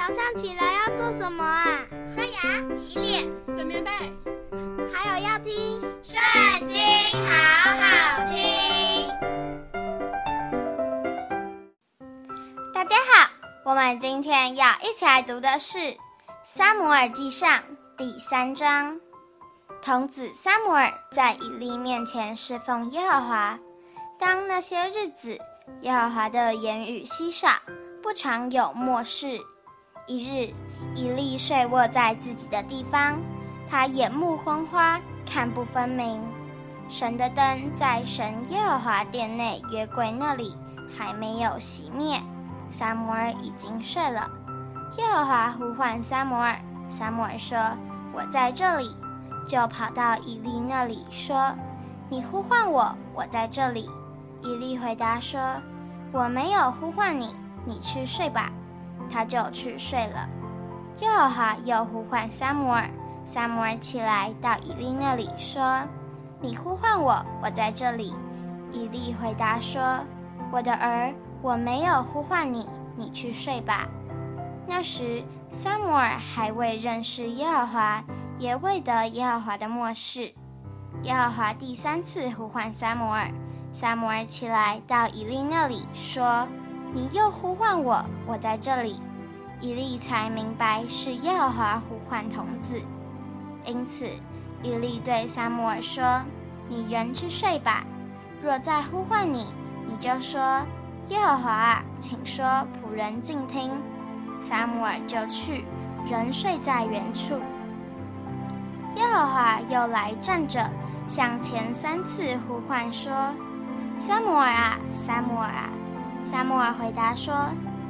早上起來要做什麼啊？刷牙、洗臉、整棉被，還有要聽《聖經》，好好聽。大家好，我們今天要一起來讀的是《撒母耳記上》第三章。童子撒母耳在以利面前事奉耶和華，當那些日子，耶和華的言語稀少，不常有默示。一日，以利睡臥在自己的地方，他眼目昏花，看不分明。神的燈在神耶和華殿內約櫃那裡，還沒有熄滅。撒母耳已經睡了。耶和華呼喚撒母耳，撒母耳說：“我在這裡。”就跑到以利那裡說：“你呼喚我，我在這裡。”以利回答說：“我沒有呼喚你，你去睡吧。”他就去睡了。耶和華又呼喚撒母耳，撒母耳起來到以利那裡說：“你呼喚我，我在這裡。”以利回答說：“我的兒，我沒有呼喚你，你去睡吧。”那時撒母耳還未認識耶和華，也未得耶和華的默示。耶和華第三次呼喚撒母耳，撒母耳起來到以利那裡說。你又呼喚我，我在這裡。以利才明白是耶和華呼喚童子，因此以利對撒母耳說：“你仍去睡吧。若再呼喚你，你就說：耶和華，請說，僕人敬聽。”撒母耳就去，仍睡在原處。耶和華又來站着，像前三次呼喚說：“撒母耳啊，撒母耳啊！”薩母爾回答說：“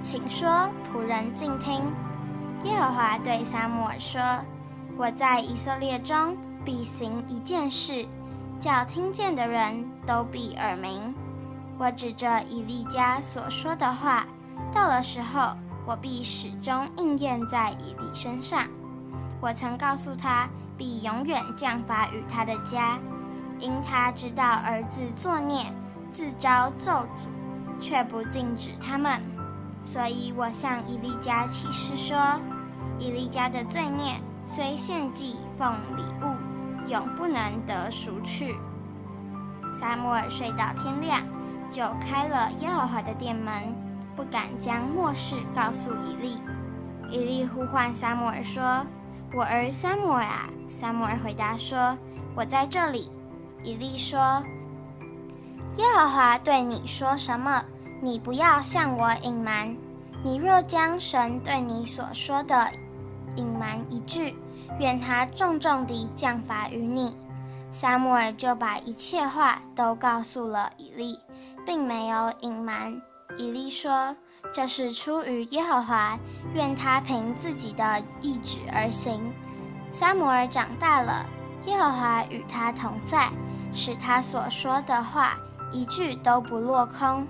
請說，僕人靜聽。”耶和華對薩母爾說：“我在以色列中必行一件事，叫聽見的人都必耳鳴。我指着以利家所說的話，到了時候，我必始終應驗在以利身上。我曾告訴他，必永遠降法於他的家，因他知道兒子作孽，自招咒詛。”卻不禁止他們，所以我向以利家起誓說：以利家的罪孽雖獻祭奉禮物，永不能得贖去。撒母耳睡到天亮，就開了耶和華的殿門，不敢將默示告訴以利。以利呼喚撒母耳說：“我兒撒母耳啊。”撒母耳回答說：“我在這裡。”以利說。耶和華對你說什麼，你不要向我隱瞞。你若將神對你所說的隱瞞一句，願他重重地降罰於你。撒母耳就把一切話都告訴了以利，並沒有隱瞞。以利說：“這是出於耶和華，願他憑自己的意旨而行。”撒母耳長大了，耶和華與他同在，使他所說的話。一句都不落空。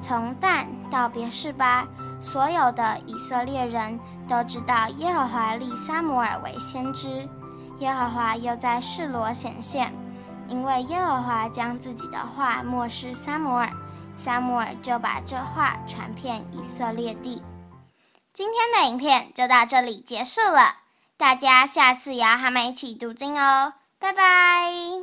從但到別是巴，所有的以色列人都知道耶和華立撒母耳為先知。耶和華又在示羅顯現，因為耶和華將自己的話默示撒母耳，撒母耳就把這話傳遍以色列地。今天的影片就到這裡結束了，大家下次也要和我們一起讀經哦，拜拜。